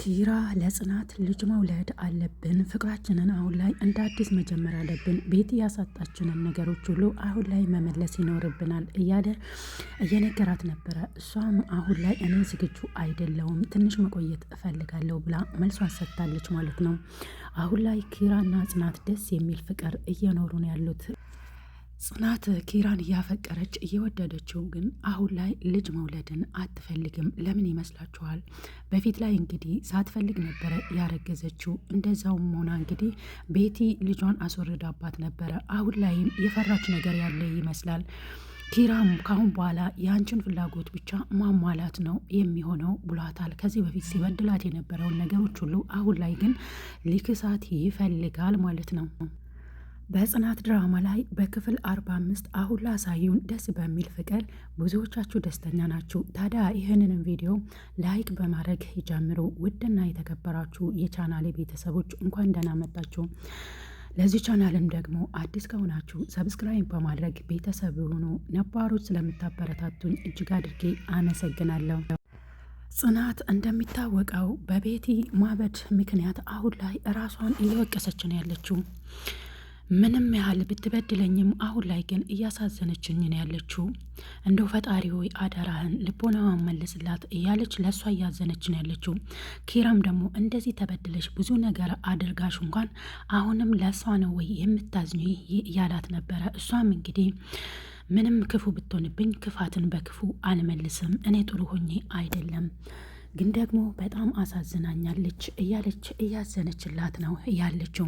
ኪራ ለጽናት ልጅ መውለድ አለብን። ፍቅራችንን አሁን ላይ እንደ አዲስ መጀመር አለብን። ቤት ያሳጣችንን ነገሮች ሁሉ አሁን ላይ መመለስ ይኖርብናል እያለ እየነገራት ነበረ። እሷም አሁን ላይ እኔ ዝግጁ አይደለውም፣ ትንሽ መቆየት እፈልጋለሁ ብላ መልሷን ሰጥታለች ማለት ነው። አሁን ላይ ኪራና ጽናት ደስ የሚል ፍቅር እየኖሩ ነው ያሉት። ጽናት ኪራን እያፈቀረች እየወደደችው ግን አሁን ላይ ልጅ መውለድን አትፈልግም። ለምን ይመስላችኋል? በፊት ላይ እንግዲህ ሳትፈልግ ነበረ ያረገዘችው። እንደዛውም ሆና እንግዲህ ቤቲ ልጇን አስወርዳባት ነበረ። አሁን ላይም የፈራች ነገር ያለ ይመስላል። ኪራም ካሁን በኋላ የአንችን ፍላጎት ብቻ ማሟላት ነው የሚሆነው ብሏታል። ከዚህ በፊት ሲበድላት የነበረውን ነገሮች ሁሉ አሁን ላይ ግን ሊክሳት ይፈልጋል ማለት ነው። በጽናት ድራማ ላይ በክፍል 45 አሁን ላሳዩን ደስ በሚል ፍቅር ብዙዎቻችሁ ደስተኛ ናችሁ። ታዲያ ይህንንም ቪዲዮ ላይክ በማድረግ ይጀምሩ። ውድና የተከበራችሁ የቻናሌ ቤተሰቦች እንኳን ደህና መጣችሁ። ለዚህ ቻናልም ደግሞ አዲስ ከሆናችሁ ሰብስክራይብ በማድረግ ቤተሰብ የሆኑ ነባሮች ስለምታበረታቱኝ እጅግ አድርጌ አመሰግናለሁ። ጽናት እንደሚታወቀው በቤቲ ማበድ ምክንያት አሁን ላይ ራሷን እየወቀሰች ነው ያለችው። ምንም ያህል ብትበድለኝም አሁን ላይ ግን እያሳዘነችኝ ነው ያለችው። እንደው ፈጣሪ ሆይ አደራህን ልቦናዋን መልስላት እያለች ለእሷ እያዘነች ነው ያለችው። ኪራም ደግሞ እንደዚህ ተበድለሽ ብዙ ነገር አድርጋሽ እንኳን አሁንም ለእሷ ነው ወይ የምታዝኙ እያላት ነበረ። እሷም እንግዲህ ምንም ክፉ ብትሆንብኝ ክፋትን በክፉ አልመልስም፣ እኔ ጥሩ ሆኜ አይደለም ግን ደግሞ በጣም አሳዝናኛለች እያለች እያዘነችላት ነው ያለችው።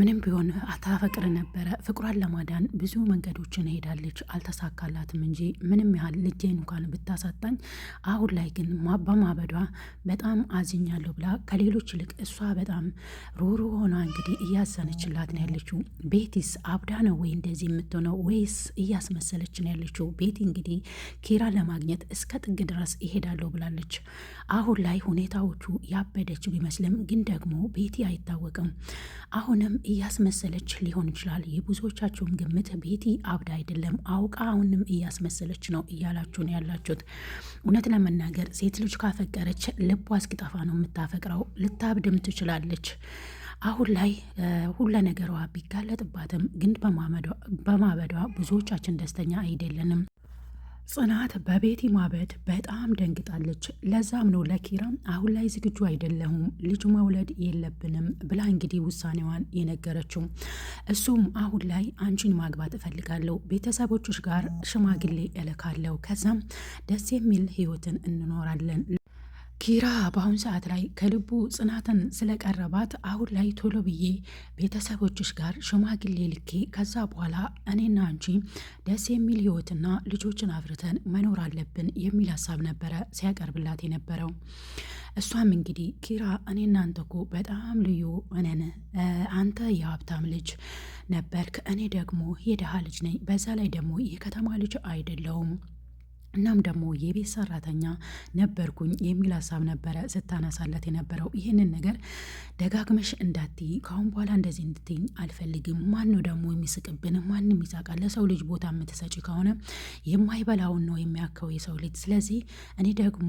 ምንም ቢሆን አታፈቅር ነበረ። ፍቅሯን ለማዳን ብዙ መንገዶችን ሄዳለች፣ አልተሳካላትም እንጂ ምንም ያህል ልጄን እንኳን ብታሳጣኝ፣ አሁን ላይ ግን በማበዷ በጣም አዝኛለሁ ብላ ከሌሎች ይልቅ እሷ በጣም ሩሩ ሆና እንግዲህ እያዘነችላት ነው ያለችው። ቤቲስ አብዳ ነው ወይ እንደዚህ የምትሆነው ወይስ እያስመሰለች ነው ያለችው? ቤቲ እንግዲህ ኪራ ለማግኘት እስከ ጥግ ድረስ ይሄዳለሁ ብላለች። አሁን ላይ ሁኔታዎቹ ያበደች ቢመስልም ግን ደግሞ ቤቲ አይታወቅም አሁንም እያስመሰለች ሊሆን ይችላል። የብዙዎቻቸውን ግምት ቤቲ አብዳ አይደለም አውቃ አሁንም እያስመሰለች ነው እያላችሁ ነው ያላችሁት። እውነት ለመናገር ሴት ልጅ ካፈቀረች ልቧ እስኪጠፋ ነው የምታፈቅረው። ልታብድም ትችላለች። አሁን ላይ ሁለ ነገሯ ቢጋለጥባትም ግን በማበዷ ብዙዎቻችን ደስተኛ አይደለንም። ጽናት በቤቲ ማበድ በጣም ደንግጣለች። ለዛም ነው ለኪራ አሁን ላይ ዝግጁ አይደለሁም ልጅ መውለድ የለብንም ብላ እንግዲህ ውሳኔዋን የነገረችው። እሱም አሁን ላይ አንቺን ማግባት እፈልጋለሁ፣ ቤተሰቦችሽ ጋር ሽማግሌ እልካለሁ፣ ከዛም ደስ የሚል ህይወትን እንኖራለን ኪራ በአሁኑ ሰዓት ላይ ከልቡ ጽናትን ስለቀረባት አሁን ላይ ቶሎ ብዬ ቤተሰቦችሽ ጋር ሽማግሌ ልኬ ከዛ በኋላ እኔና አንቺ ደስ የሚል ህይወትና ልጆችን አፍርተን መኖር አለብን የሚል ሀሳብ ነበረ ሲያቀርብላት የነበረው። እሷም እንግዲህ ኪራ እኔ እናንተ እኮ በጣም ልዩ እነን አንተ የሀብታም ልጅ ነበርክ፣ እኔ ደግሞ የድሃ ልጅ ነኝ። በዛ ላይ ደግሞ የከተማ ልጅ አይደለውም እናም ደግሞ የቤት ሰራተኛ ነበርኩኝ የሚል ሀሳብ ነበረ ስታነሳለት የነበረው። ይህንን ነገር ደጋግመሽ እንዳትይ፣ ካሁን በኋላ እንደዚህ እንድትይኝ አልፈልግም። ማን ነው ደግሞ የሚስቅብን? ማንም ይሳቃል። ለሰው ልጅ ቦታ የምትሰጪ ከሆነ የማይበላውን ነው የሚያከው የሰው ልጅ። ስለዚህ እኔ ደግሞ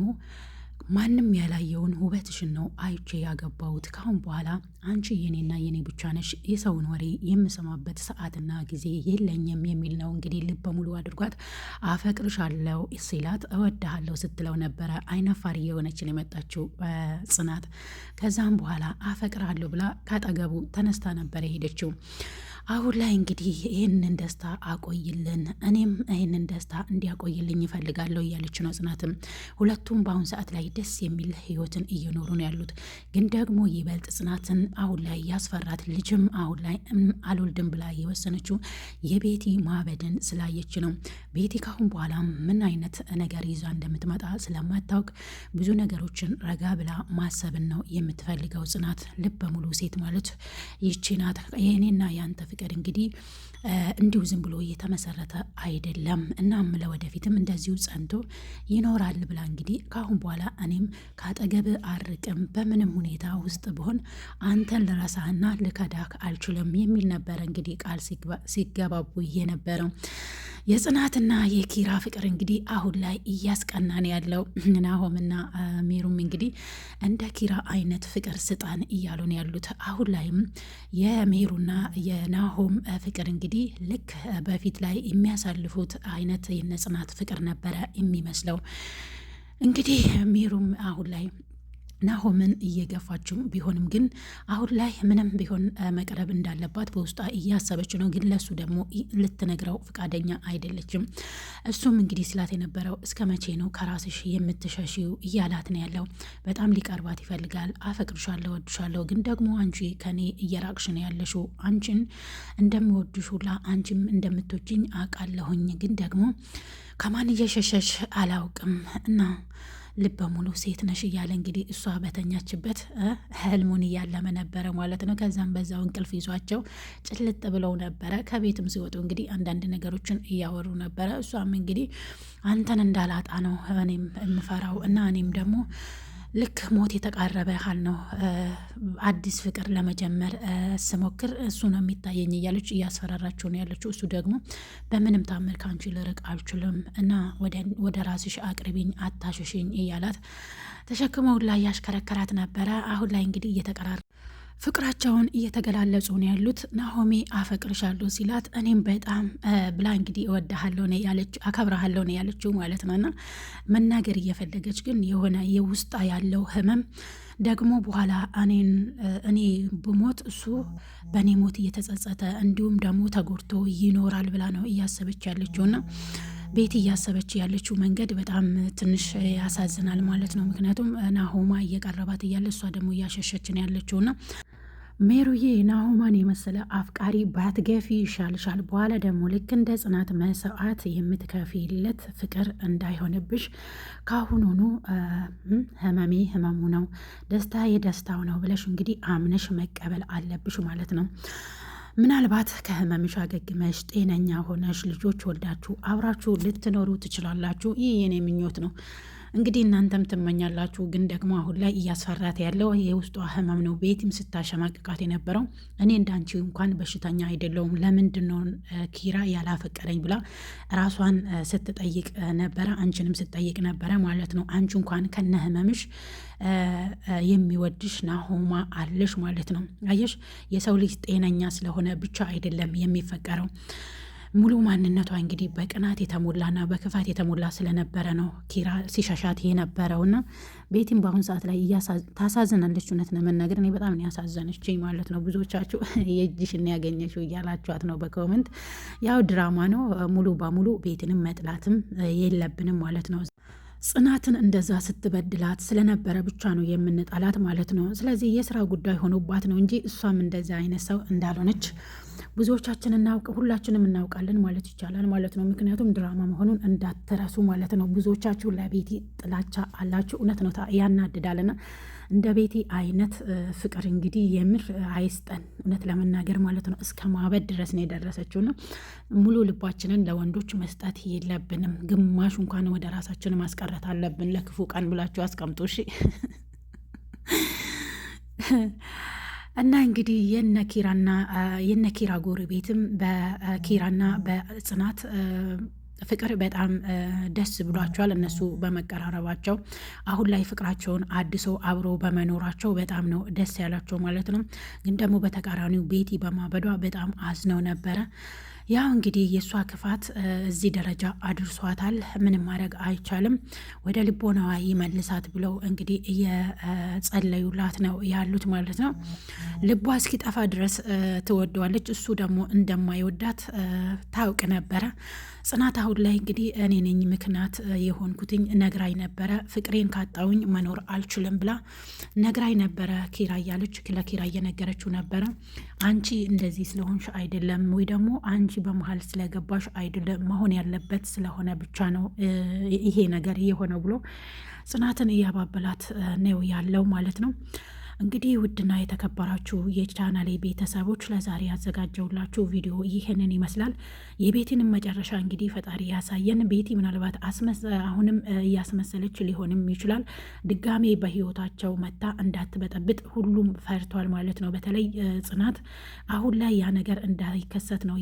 ማንም ያላየውን ውበትሽን ነው አይቼ ያገባሁት። ካሁን በኋላ አንቺ የኔና የኔ ብቻ ነሽ፣ የሰውን ወሬ የምሰማበት ሰዓትና ጊዜ የለኝም የሚል ነው እንግዲህ ልብ በሙሉ አድርጓት። አፈቅርሻለሁ ሲላት እወድሃለሁ ስትለው ነበረ። አይነፋሪ የሆነችን የመጣችው ጽናት። ከዛም በኋላ አፈቅርሃለሁ ብላ ካጠገቡ ተነስታ ነበረ የሄደችው። አሁን ላይ እንግዲህ ይህንን ደስታ አቆይልን፣ እኔም ይህንን ደስታ እንዲያቆይልኝ ይፈልጋለሁ እያለች ነው ጽናትም። ሁለቱም በአሁን ሰዓት ላይ ደስ የሚል ህይወትን እየኖሩ ነው ያሉት። ግን ደግሞ ይበልጥ ጽናትን አሁን ላይ ያስፈራት ልጅም አሁን ላይ አልወልድም ብላ የወሰነችው የቤቲ ማበድን ስላየች ነው። ቤቲ ካሁን በኋላ ምን አይነት ነገር ይዛ እንደምትመጣ ስለማታውቅ ብዙ ነገሮችን ረጋ ብላ ማሰብን ነው የምትፈልገው። ጽናት ልበ ሙሉ ሴት ማለት ይቺ ናት። የእኔና ያንተ ፍቅር እንግዲህ እንዲሁ ዝም ብሎ እየተመሰረተ አይደለም እና ምለ ወደፊትም እንደዚሁ ጸንቶ ይኖራል ብላ እንግዲህ ከአሁን በኋላ እኔም ካጠገብ አርቅም በምንም ሁኔታ ውስጥ ብሆን አንተን ልረሳህና ልከዳክ አልችልም የሚል ነበረ እንግዲህ ቃል ሲገባቡ እየነበረው የጽናትና የኪራ ፍቅር እንግዲህ አሁን ላይ እያስቀናን ያለው ናሆምና ሜሩም እንግዲህ እንደ ኪራ አይነት ፍቅር ስጣን እያሉ ነው ያሉት። አሁን ላይም የሜሩና የናሆም ፍቅር እንግዲህ ልክ በፊት ላይ የሚያሳልፉት አይነት የነጽናት ፍቅር ነበረ የሚመስለው። እንግዲህ ሜሩም አሁን ላይ ናሆምን እየገፋችው ቢሆንም ግን አሁን ላይ ምንም ቢሆን መቅረብ እንዳለባት በውስጧ እያሰበች ነው። ግን ለሱ ደግሞ ልትነግረው ፍቃደኛ አይደለችም። እሱም እንግዲህ ስላት የነበረው እስከ መቼ ነው ከራስሽ የምትሸሽው እያላት ነው ያለው። በጣም ሊቀርባት ይፈልጋል። አፈቅርሻለሁ፣ ወድሻለሁ፣ ግን ደግሞ አንቺ ከኔ እየራቅሽ ነው ያለሽው። አንቺን እንደምወድሽ ሁላ አንቺም እንደምትወጂኝ አውቃለሁኝ። ግን ደግሞ ከማን እየሸሸሽ አላውቅም እና ልበ ሙሉ ሴት ነሽ እያለ እንግዲህ እሷ በተኛችበት ህልሙን እያለመ ነበረ ማለት ነው። ከዛም በዛው እንቅልፍ ይዟቸው ጭልጥ ብለው ነበረ። ከቤትም ሲወጡ እንግዲህ አንዳንድ ነገሮችን እያወሩ ነበረ። እሷም እንግዲህ አንተን እንዳላጣ ነው እኔም የምፈራው እና እኔም ደግሞ ልክ ሞት የተቃረበ ያህል ነው። አዲስ ፍቅር ለመጀመር ስሞክር እሱ ነው የሚታየኝ እያለች እያስፈራራቸው ነው ያለችው። እሱ ደግሞ በምንም ታምር ከአንቺ ልርቅ አልችልም እና ወደ ራስሽ አቅርቢኝ፣ አታሸሽኝ እያላት ተሸክመው ላይ ያሽከረከራት ነበረ። አሁን ላይ እንግዲህ እየተቀራረ ፍቅራቸውን እየተገላለጹ ነው ያሉት። ናሆሜ አፈቅርሻለሁ ሲላት እኔም በጣም ብላ እንግዲህ እወድሃለሁ ነው ያለችው፣ አከብረሃለሁ ነው ያለችው ማለት ነው። እና መናገር እየፈለገች ግን የሆነ የውስጣ ያለው ህመም ደግሞ በኋላ እኔን እኔ ብሞት እሱ በእኔ ሞት እየተጸጸተ እንዲሁም ደግሞ ተጎድቶ ይኖራል ብላ ነው እያሰበች ያለችው ያለችውና ቤት እያሰበች ያለችው መንገድ በጣም ትንሽ ያሳዝናል ማለት ነው። ምክንያቱም ናሆማ እየቀረባት እያለ እሷ ደግሞ እያሸሸችን ያለችው ና ሜሩዬ ናሆማን የመሰለ አፍቃሪ ባትገፊ ይሻልሻል። በኋላ ደግሞ ልክ እንደ ጽናት መስዋዕት የምትከፊለት ፍቅር እንዳይሆንብሽ ካሁኑኑ ህመሜ ህመሙ ነው፣ ደስታ የደስታው ነው ብለሽ እንግዲህ አምነሽ መቀበል አለብሽ ማለት ነው። ምናልባት ከህመምሽ አገግመሽ ጤነኛ ሆነሽ ልጆች ወልዳችሁ አብራችሁ ልትኖሩ ትችላላችሁ። ይህ የኔ ምኞት ነው። እንግዲህ እናንተም ትመኛላችሁ። ግን ደግሞ አሁን ላይ እያስፈራት ያለው የውስጧ ህመም ነው። ቤቲም ስታሸማቅቃት የነበረው እኔ እንዳንቺ እንኳን በሽተኛ አይደለውም ለምንድን ነው ኪራ ያላፈቀረኝ ብላ ራሷን ስትጠይቅ ነበረ፣ አንቺንም ስትጠይቅ ነበረ ማለት ነው። አንቺ እንኳን ከነ ህመምሽ የሚወድሽ ናሆማ አለሽ ማለት ነው። አየሽ የሰው ልጅ ጤነኛ ስለሆነ ብቻ አይደለም የሚፈቀረው ሙሉ ማንነቷ እንግዲህ በቅናት የተሞላና በክፋት የተሞላ ስለነበረ ነው ኪራ ሲሻሻት የነበረውና ቤቲም በአሁን ሰዓት ላይ ታሳዝናለች። እውነት ለመናገር እኔ በጣም ያሳዘነች ማለት ነው። ብዙዎቻችሁ የእጅሽን ያገኘችው እያላችኋት ነው በኮመንት ያው ድራማ ነው። ሙሉ በሙሉ ቤትንም መጥላትም የለብንም ማለት ነው። ጽናትን እንደዛ ስትበድላት ስለነበረ ብቻ ነው የምንጣላት ማለት ነው። ስለዚህ የስራ ጉዳይ ሆኖባት ነው እንጂ እሷም እንደዛ አይነት ሰው እንዳልሆነች ብዙዎቻችን እናውቅ ሁላችንም እናውቃለን ማለት ይቻላል ማለት ነው። ምክንያቱም ድራማ መሆኑን እንዳትረሱ ማለት ነው። ብዙዎቻችሁ ለቤቲ ጥላቻ አላችሁ። እውነት ነው፣ ያናድዳልና እንደ ቤቲ አይነት ፍቅር እንግዲህ የምር አይስጠን፣ እውነት ለመናገር ማለት ነው። እስከ ማበድ ድረስ ነው የደረሰችውና ሙሉ ልባችንን ለወንዶች መስጠት የለብንም። ግማሽ እንኳን ወደ ራሳችን ማስቀረት አለብን። ለክፉ ቀን ብላችሁ አስቀምጡ እሺ። እና እንግዲህ የነኪራና የነኪራ ጎረቤትም በኪራና በጽናት ፍቅር በጣም ደስ ብሏቸዋል። እነሱ በመቀራረባቸው አሁን ላይ ፍቅራቸውን አድሰው አብረው በመኖራቸው በጣም ነው ደስ ያላቸው ማለት ነው። ግን ደግሞ በተቃራኒው ቤቲ በማበዷ በጣም አዝነው ነበረ። ያው እንግዲህ የእሷ ክፋት እዚህ ደረጃ አድርሷታል። ምንም ማድረግ አይቻልም። ወደ ልቦናዋ ይመልሳት ብለው እንግዲህ እየጸለዩላት ነው ያሉት ማለት ነው። ልቧ እስኪጠፋ ድረስ ትወደዋለች። እሱ ደግሞ እንደማይወዳት ታውቅ ነበረ። ጽናት አሁን ላይ እንግዲህ እኔ ነኝ ምክንያት የሆንኩትኝ ነግራኝ ነበረ። ፍቅሬን ካጣውኝ መኖር አልችልም ብላ ነግራኝ ነበረ ኪራ እያለች ለኪራ እየነገረችው ነበረ። አንቺ እንደዚህ ስለሆንሽ አይደለም ወይ ደግሞ አንቺ በመሀል ስለገባሽ አይደለም መሆን ያለበት ስለሆነ ብቻ ነው ይሄ ነገር የሆነው ብሎ ጽናትን እያባበላት ነው ያለው ማለት ነው። እንግዲህ ውድና የተከበራችሁ የቻናሌ ቤተሰቦች ለዛሬ ያዘጋጀውላችሁ ቪዲዮ ይህንን ይመስላል። የቤቲንም መጨረሻ እንግዲህ ፈጣሪ ያሳየን። ቤቲ ምናልባት አሁንም እያስመሰለች ሊሆንም ይችላል። ድጋሜ በህይወታቸው መታ እንዳትበጠብጥ ሁሉም ፈርቷል ማለት ነው። በተለይ ጽናት አሁን ላይ ያ ነገር እንዳይከሰት ነው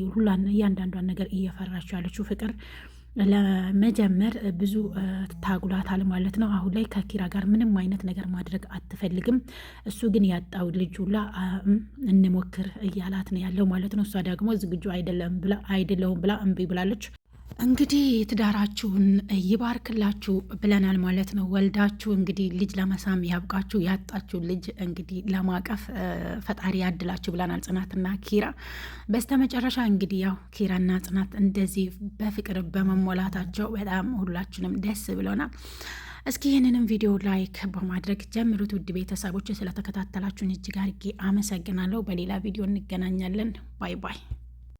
እያንዳንዷን ነገር እየፈራች ያለችው ፍቅር ለመጀመር ብዙ ታጉላታል ማለት ነው። አሁን ላይ ከኪራ ጋር ምንም አይነት ነገር ማድረግ አትፈልግም። እሱ ግን ያጣው ልጅ እንሞክር እያላት ነው ያለው ማለት ነው። እሷ ደግሞ ዝግጁ አይደለም ብላ አይደለሁም ብላ እምቢ ብላለች። እንግዲህ ትዳራችሁን ይባርክላችሁ ብለናል ማለት ነው። ወልዳችሁ እንግዲህ ልጅ ለመሳም ያብቃችሁ፣ ያጣችሁ ልጅ እንግዲህ ለማቀፍ ፈጣሪ ያድላችሁ ብለናል ጽናትና ኪራ። በስተመጨረሻ እንግዲህ ያው ኪራና ጽናት እንደዚህ በፍቅር በመሞላታቸው በጣም ሁላችንም ደስ ብሎናል። እስኪ ይህንንም ቪዲዮ ላይክ በማድረግ ጀምሩት። ውድ ቤተሰቦች ስለተከታተላችሁን እጅግ አድርጌ አመሰግናለሁ። በሌላ ቪዲዮ እንገናኛለን። ባይ ባይ።